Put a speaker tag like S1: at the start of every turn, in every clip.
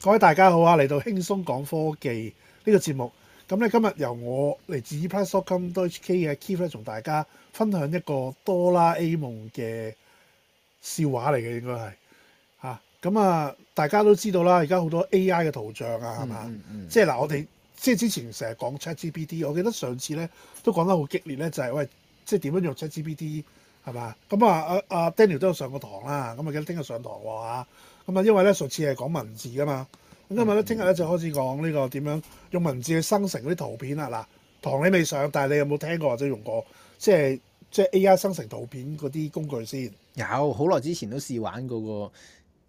S1: 各位大家好啊，嚟到輕鬆講科技呢、這個節目，咁咧今日由我嚟自 e Plus.com HK 嘅 Keith 咧，同 大家分享一個多啦 A 夢嘅笑話嚟嘅，應該係吓咁啊！大家都知道啦，而家好多 AI 嘅圖像啊，係嘛、嗯嗯，即係嗱，我哋即係之前成日講 ChatGPT，我記得上次咧都講得好激烈咧，就係、是、喂，即係點樣用 ChatGPT？係嘛？咁啊，阿、啊、阿 Daniel 都有上過堂啦，咁啊，記得聽日上堂喎。咁啊，因為咧上次係講文字㗎嘛，咁今日咧聽日咧就開始講呢、呢個點樣用文字去生成嗰啲圖片、啊、啦。嗱，堂你未上，但係你有冇聽過或者用過，即係即係 AI 生成圖片嗰啲
S2: 工具先？有，好耐之前都試玩過個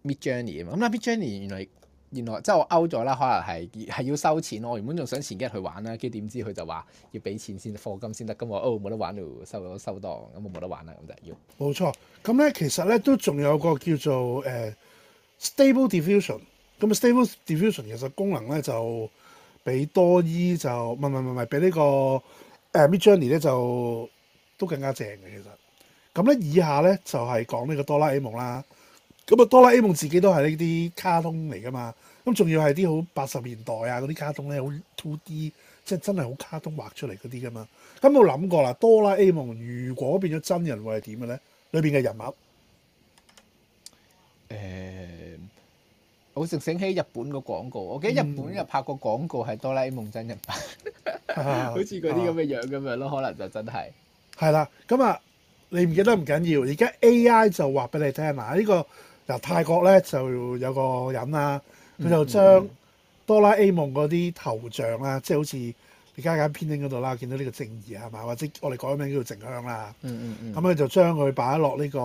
S2: Midjourney 啊。咁啊 Midjourney 原來。原來即係我勾咗啦，可能係係要收錢咯。原本仲想前幾日去玩啦，跟住點知佢就話要俾錢先，課金先得噶喎。哦，冇得玩咯，收收檔咁我冇得玩啦，咁就要。冇
S1: 錯，咁咧其實咧都仲有個叫做誒 Stable Diffusion。咁 Stable Diffusion 其實功能咧就比多伊就唔唔唔唔比呢個誒 Midjourney 咧就都更加正嘅其實。咁咧以下咧就係講呢個哆啦 A 夢啦。咁啊，多啦 A 夢自己都係呢啲卡通嚟噶嘛，咁仲要係啲好八十年代啊嗰啲卡通咧，好 two D，即係真係好卡通畫出嚟嗰啲噶嘛。咁我冇諗過啦，多啦 A 夢如果變咗真人會係點嘅咧？
S2: 裏邊嘅人物，誒、欸，我直醒起日本個廣告，我記得日本又拍過廣告係多啦 A 夢真人版， 啊、 好似嗰啲咁嘅樣咁樣咯，啊、可能就真係，
S1: 係啦。咁啊，你唔記得唔緊要，而家 AI 就話俾你聽嗱，呢、呢個。嗱，泰國咧就有個人啦，佢就將哆啦 A 夢嗰啲頭像啦，即係好似你家家編影嗰度啦，見到呢個靜宜係嘛？或者我哋改個名叫靜香啦，咁佢、嗯嗯、就將佢擺落呢個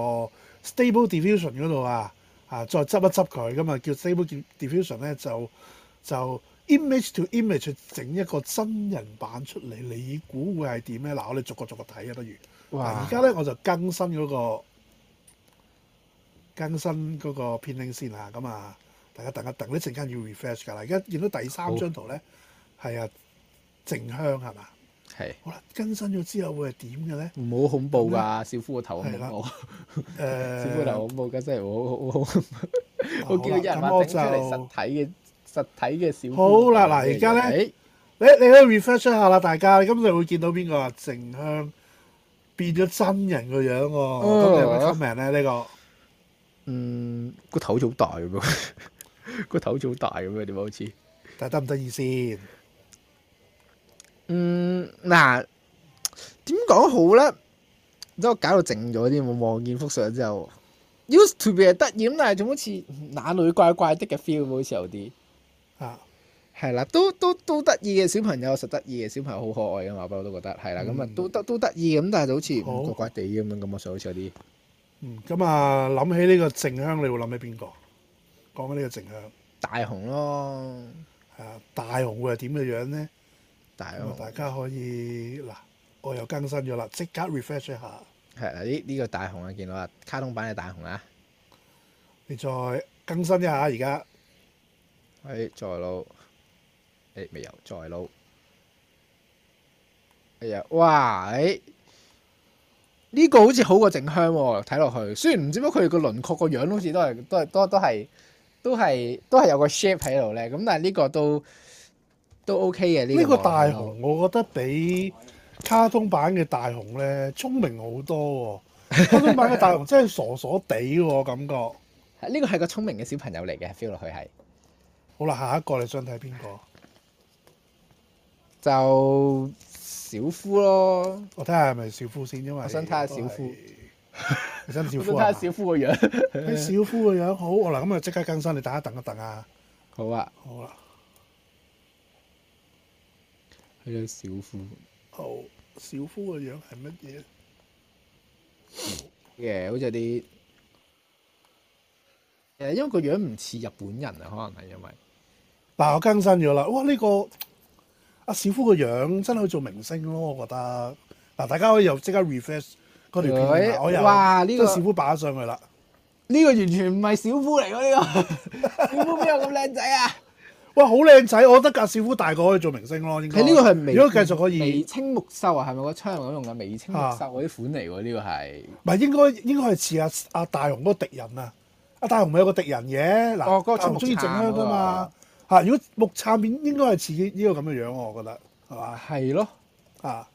S1: stable diffusion 嗰度啊，啊再執一執佢咁嘛，叫 stable diffusion 咧就就 image to image 整一個真人版出嚟，你估會係點咧？嗱，我哋逐個逐個睇啊，不如。哇！而家咧我就更新嗰、那個。更新嗰個片拎先啊！咁啊，大家等一等，呢陣間要 refresh 噶啦。而家見到第三張圖咧，係啊，靜香係嘛？
S2: 係。好啦，
S1: 更新咗之後會係點嘅咧？
S2: 唔好恐怖噶，小夫個頭好恐怖。誒，小夫頭恐怖㗎，真係好好好恐怖。我見到一人把頂出嚟，實體嘅實體嘅小。好啦，嗱，而家
S1: 咧，你你可以 refresh 下啦，大家。今次會見到邊個啊？靜香變咗真人個樣喎，咁你有
S2: 咩 comment 咧？呢個嗯，個頭好大咁，個頭好大咁啊？點解好似？但係得唔得意先？嗯，嗱，呢點講好咧？即係我搞到靜咗啲，我望見幅相之後 used to be 得意，嗯、funny，但係仲好似哪裏怪怪的嘅 feel？好似有啲啊，係啦，都都都得意嘅小朋友，實得意嘅小朋友，好可愛噶嘛？不過都覺得係啦，咁啊、嗯、都得都得意咁，但係就好似怪怪地咁樣感覺上、嗯、好似有啲。
S1: 咁啊，諗起呢個靜香，你會諗起邊個？講緊呢個靜香，大雄咯。係啊，大雄係點嘅樣咧？大雄，大家可以嗱，我又更新咗啦，即刻 refresh 一下。
S2: 係嗱，呢呢個大雄啊，見到啦，卡通版嘅大雄啊，你再更新一下而家。誒再撈，誒未有，再撈。哎呀，哇，誒。呢個好似好過靜香喎，睇落去雖然唔知乜佢個輪廓個樣好似都係都係都都係都係都係有個 shape 喺度咧，咁但係呢個都都 OK 嘅呢個。呢個大雄我覺得比
S1: 卡通版嘅大雄咧聰明好多喎，哦，卡通版嘅大
S2: 雄真係傻傻地喎，哦， 感覺，呢個係個聰明嘅小朋友嚟嘅，feel 落去係。好啦，下一個你想睇邊個？ 就。
S1: 小夫咯，我睇下係咪小夫先，因為，我想睇下小夫，
S2: 你小夫我想睇下小夫我想睇下小夫個樣。小
S1: 夫個樣好，我嗱咁啊即刻更新，你等一等一等啊。
S2: 好啊。好啦了。睇下小夫。
S1: 好，oh，小夫個樣係乜
S2: 嘢？嘅，yeah，好似有啲誒，因為個樣唔似日本人啊，可能係
S1: 因為。嗱，我更新咗啦，哇！呢、這個阿、啊、小夫個樣真係可以做明星咯，我覺得嗱，大家又即刻 refresh 嗰條片、這個、我又哇，呢個小夫擺上去啦，呢個完全唔係小夫嚟嘅呢個，
S2: 小夫邊有咁靚仔啊？哇，好靚仔！我覺得格小夫大個可以做明星咯，應該。佢呢個係眉，如果繼續可以眉清目秀，是是秀、這個、啊？係咪個昌用嘅眉清目秀嗰啲款嚟？呢個係唔係應該應
S1: 該係似阿阿大雄嗰個敵人啊？阿大雄咪有個敵人嘅嗱，哦那個昌榮中意整香噶嘛。啊啊啊啊啊、如果木柵面應該係似呢個咁嘅樣，我覺得係嘛？係是咯，
S2: 啊，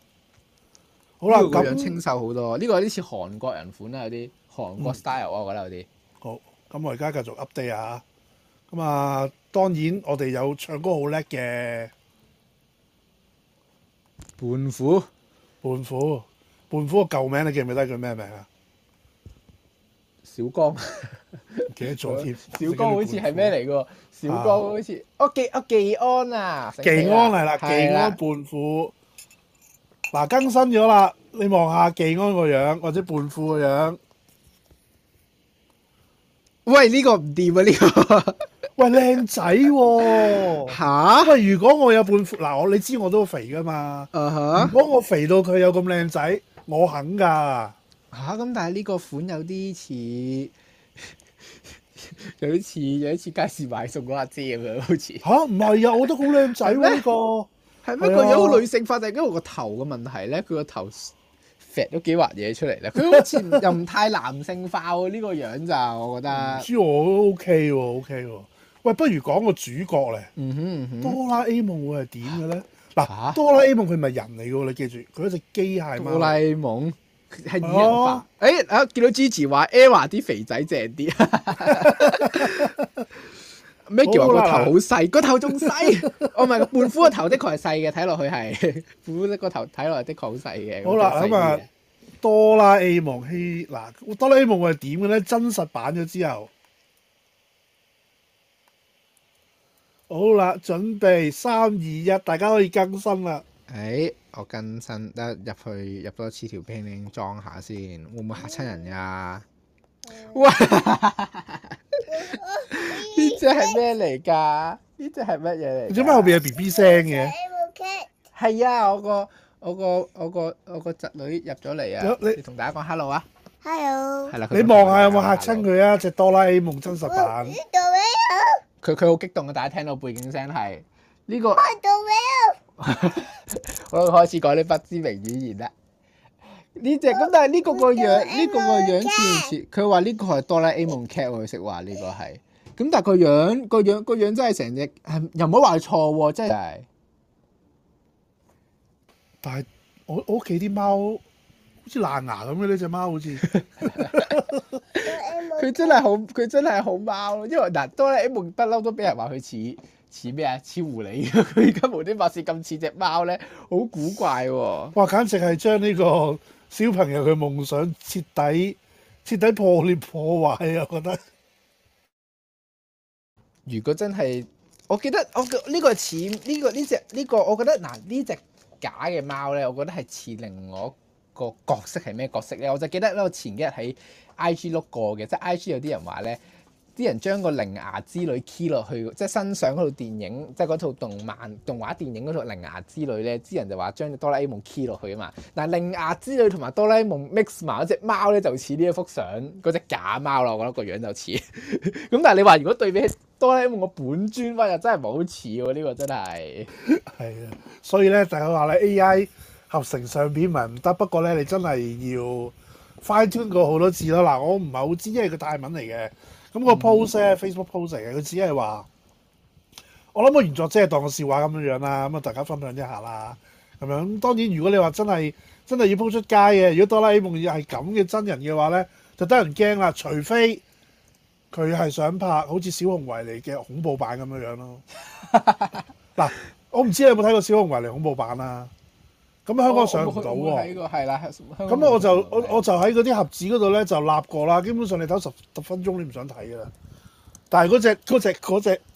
S2: 好啦，咁清秀好多，呢那個呢似韓國人款啦，有啲韓國 style、嗯、我覺得有啲。好，咁我而家繼續 update 啊。咁啊，
S1: 當然我哋有唱歌好叻嘅胖虎，胖虎，胖虎個舊名你記唔記得叫咩名啊？
S2: 小江。 記得咗貼小江好似係咩嚟噶？小江好似、啊、哦技哦技安啊，技安嚟啦，技的安胖虎
S1: 嗱、啊、更新咗啦，你望下技安個樣或者胖虎個樣。喂，呢、這個唔掂啊！呢、這個喂靚仔喎吓！ 喂，啊、 如果我有胖虎嗱，我、啊、你知我都肥噶嘛、uh huh.
S2: 如果我肥到佢有咁靚仔，我肯噶吓？咁、啊、但係呢個款有啲似。 有一次有啲似街市買餸嗰阿姐咁樣，好似
S1: 吓，唔係啊，啊！我都好靚仔喎，啊，係咩 嗎、呢個樣好女
S2: 性化？定係因為個頭嘅問題咧？佢個頭肥咗幾塊嘢出嚟，咧，佢好似又唔太男性化喎。呢 個樣就我覺得，知
S1: 我都 OK 喎，OK 喎。喂，不如講個主角咧，哆啦，嗯嗯、A 夢會係點嘅咧？嗱，啊，哆啦 A 夢佢唔係人
S2: 嚟嘅，你記住，佢一隻機械貓。係二人化，誒、哎、啊！見到 Gigi 話 Eva 啲肥仔正啲，咩叫話個頭好細？個頭仲細？哦，唔係個胖虎個頭的確係細嘅，睇落去係胖虎個頭睇落去的確好細嘅。好啦，咁啊，
S1: 哆、 哦、啦 A 夢戲嗱，哆啦 A 夢係點嘅咧？真實版咗之後，
S2: 好啦，準備三二一，3, 2, 1，大家可以更新啦。誒、哎。我更新得入去入多次條片，a 裝下先，會唔會吓親人呀？嗯、哇！ 寶寶呢隻係咩嚟噶？呢隻係乜嘢嚟？做咩
S1: 後邊有 B B 聲
S2: 嘅？係啊，我個我個我個我個侄女入咗嚟啊！Hello. 你同大家講 hello 啊！Hello！係啦，你望下有冇吓親佢啊？隻哆啦 A 夢真實版。佢佢好激動啊！大家聽到背景聲係呢個。 我開始講啲不知名演言啦，呢隻咁，但係呢個個樣呢個、這個樣似唔似？佢話呢個係哆啦 A 夢劇喎，識話呢個係。咁但係個樣個樣個樣真係成隻係又唔好話錯喎，真係。
S1: 但係我我屋企啲貓好似爛牙咁嘅呢隻貓，好似。
S2: 佢真係好，佢真係好貓，因為嗱哆啦 A 夢不嬲都俾人話佢似。似咩啊？似狐狸，佢而家無端端變咁似隻貓咧，好古怪喎、
S1: 啊！哇，簡直係將呢個小朋友嘅夢想徹底
S2: 徹底破裂破壞啊！我覺得，如果真係，我記得我呢個似呢、呢個呢隻呢個，我覺得嗱、呢個、呢隻假嘅貓咧，我覺得係似另外一個角色係咩角色咧？我就記得咧，我前幾日喺 IG 碌過嘅，即、就、係、係、IG 有啲人話咧。啲人將個鈴芽之旅 key 落去，即係新上嗰套電影，即係嗰套動漫動畫電影嗰套鈴芽之旅咧，啲人就話將隻多啦 A 夢 key 落去啊嘛。嗱，鈴芽之旅同埋多啦 A 夢 mix 埋嗰隻貓咧，就似呢一幅相嗰隻假貓咯。我覺得個樣就似。咁 但係你話如果對比起多啦 A 夢個本尊，哇又真係唔好似喎，呢、呢個真係。係 啊，所以咧就係話
S1: 咧 AI 合成相片唔係唔得，不過咧你真係要。Fine tune 過好多次啦，嗱，我唔係好知，因為佢泰文嚟嘅，咁、嗯、個 post 咧、嗯、Facebook post 嚟嘅，佢只係話，我諗個原作即係當個笑話咁樣樣啦，咁啊大家分享一下啦，咁樣。當然如果你話真係真係要 po 出街嘅，如果哆啦 A 夢要係咁嘅真人嘅話咧，就得人驚啦，除非佢係想拍好似小熊維尼嘅恐怖版咁樣樣咯。嗱， 我唔知你有冇睇過小熊維尼恐怖版啦、啊。咁、嗯、香港上唔到喎，睇過
S2: 係啦。咁我就我、嗯、
S1: 我就喺嗰啲盒子嗰度咧就立過啦。基本上你睇十十分鐘你唔想睇噶啦。但係嗰隻只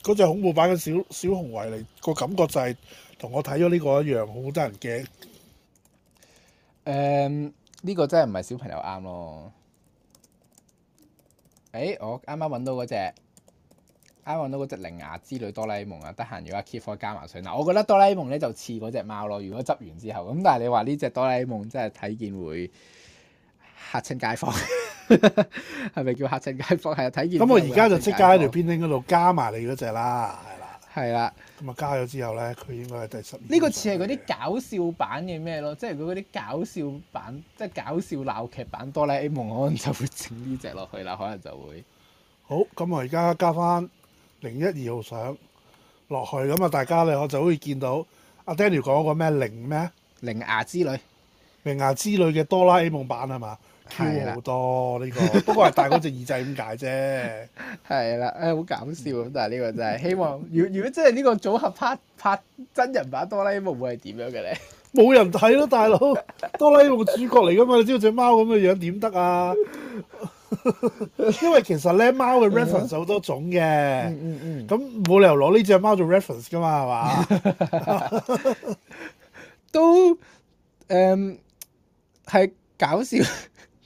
S1: 只隻恐怖版嘅小小熊維尼個感覺就係同我睇咗呢個一樣，好得人驚。
S2: 誒、嗯，呢、呢個真係唔係小朋友啱咯。誒、欸，我啱啱揾到嗰隻。I w 啱揾到嗰隻伶牙之類哆啦 A 夢啊！得閒要阿 keep 翻加埋上，嗱我覺得哆啦 A 夢咧就似嗰隻貓咯。如果執完之後咁，但係你話呢隻哆啦 A 夢真係睇見會嚇親街坊，係 咪叫嚇親街坊？係啊，睇見咁我而家就即刻喺條邊
S1: 拎嗰度加埋你嗰隻啦，係啦，係啦。咁啊加咗之後咧，佢應該係第十。
S2: 呢個似係嗰啲搞笑版嘅咩咯？即係如果嗰啲搞笑版，即係搞笑鬧劇版哆啦 A 夢可能就會整呢隻落去啦，可能就會
S1: 好。咁我而家加翻。零一二號上落去，咁啊大家咧，我就可以見到阿 Daniel 講嗰個咩零咩零牙之旅，零牙之旅嘅哆啦 A 夢版係嘛？係的好多呢、這個， 不過係
S2: 戴嗰隻耳仔點解啫？係啦，誒、哎，好搞笑，但係呢個真、就、係、是、希望，如果如果真係呢個組合拍拍真人版哆啦 A 夢會係點樣嘅咧？冇人
S1: 睇咯，大佬，哆啦 A 夢主角嚟噶嘛？你知道隻貓咁嘅樣點得啊？ 因為其實咧，貓嘅 reference 好多種嘅，咁冇、嗯嗯嗯、理由
S2: 攞呢隻貓做 reference 噶嘛，係嘛？ 都誒係搞笑，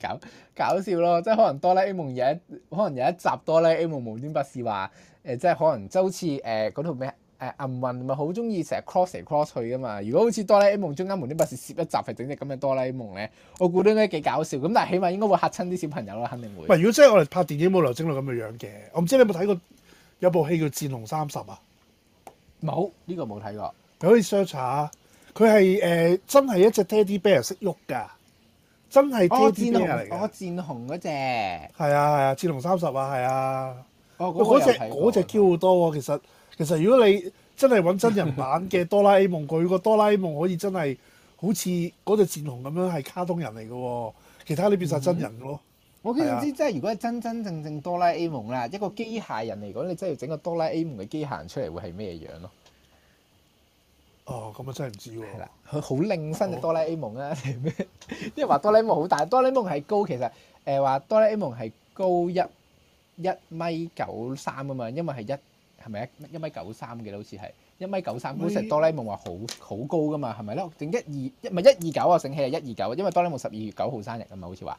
S2: 搞搞笑咯，即係可能哆啦 A 夢有一，可能有一集哆啦 A 夢無端不是話誒，即係可能即係好似誒嗰套咩？呃誒銀雲咪好中意成日 cross 嚟 cross 去噶嘛？如果好似哆啦 A 夢中間冇啲乜事，無無攝一集係整隻咁嘅哆啦 A 夢咧，我估都應該幾搞笑。咁但係起碼應該會嚇親啲小朋友啦，肯定會。唔
S1: 如果真係我哋拍電影冇流精女咁嘅樣嘅，我唔知你有冇睇過有部戲叫《賤熊三十》啊？冇呢、這個冇睇過。你可以 search 下，佢係誒真係一隻 teddy bear 識喐噶，真係。我、哦、賤熊，我、哦、
S2: 賤熊嗰隻。係啊
S1: 係啊，賤熊三十啊，係啊。哦，嗰隻嗰隻 Q 好多喎，其實。其實如果你真係揾真人版嘅哆啦 A 夢，佢 個哆啦 A 夢可以真係好似嗰隻戰熊咁樣係卡通人嚟嘅、哦，其他你變晒真人
S2: 咯。嗯、我幾想知，真係如果真真正正哆啦 A 夢啦，一個機械人嚟講，你真係要整個哆啦 A 夢嘅機械人出嚟會係咩樣咯？哦，咁我真係唔知喎。佢好靚身嘅哆啦 A 夢啊，定咩？啊哦、 因為話哆啦 A 夢好大，哆啦 A 夢係高，其實誒話哆啦 A 夢係高一一米九三啊嘛，因為係一。係咪一米九三嘅，好似係一米九三，好似哆啦 A 夢話好好高噶嘛？係咪咧？整一二唔係一二九啊，醒起嚟一二九，9, ippers, 9, 因為哆啦 A 夢十二月九號生日啊嘛，好似話。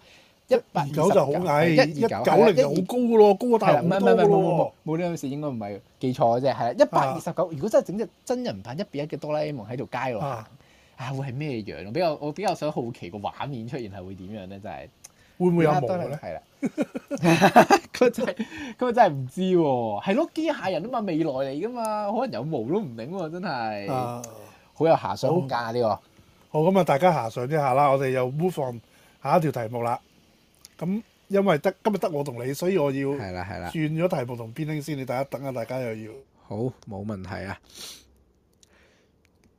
S2: 一二九就好矮，一二九九零好高嘅咯，高過大雄多咯。冇呢樣事，1961, 19, nineteen, ancies, 應該唔係記錯嘅啫。係啊 equal、uh，一百二十九，如果真係整隻真人版一比一嘅哆啦 A 夢喺度街嘅話，啊會係咩樣？比較我比較想好奇個畫面出現係會點樣咧？真係。會唔會有毛咧？係啦，佢 真係佢真係唔知喎、啊。係咯，機械人啊嘛，未來嚟噶嘛，可能有毛都唔定喎、啊，真係、啊、好有遐想空間啲喎。好
S1: 咁啊，好這個、大家遐想一下啦。我哋又 move on 下一條題目啦。咁因為得今日得我同你，所以我要
S2: 係啦，係啦，轉
S1: 咗題目同邊聽先。你大家等下，大家又要好
S2: 冇問題啊。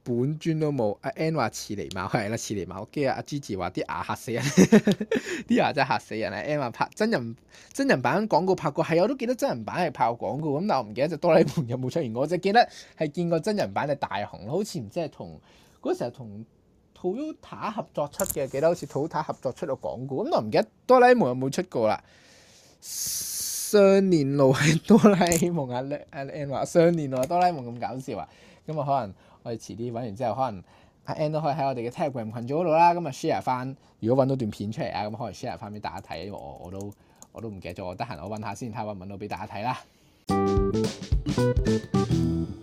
S2: 本尊都冇阿 N 話似狸貓係啦，似狸貓我跟住阿 Gigi 話啲牙嚇死人，啲 牙真係嚇死人。阿 N 話拍真人真人版廣告拍過係，我都記得真人版係拍過廣告咁，但我唔記得隻哆啦 A 夢有冇出現過。我就記得係見過真人版嘅大雄，好似唔知係同嗰時候同 Toyota 合作出嘅，記得好似 Toyota 合作出個廣告咁，我唔記得哆啦 A 夢有冇出過啦。雙年路係哆啦 A 夢啊阿 N 話雙年路哆啦 A 夢咁搞笑啊，咁啊可能。我哋遲啲揾完之後，可能阿 N 都可以喺我哋嘅 Telegram 群組度啦，咁啊 share 翻。如果揾到段片出嚟啊，咁可能 share 翻俾大家睇。因為我我都我都唔記得咗，我得閒我揾下先，睇下揾唔揾到俾大家睇啦。嗯嗯嗯嗯嗯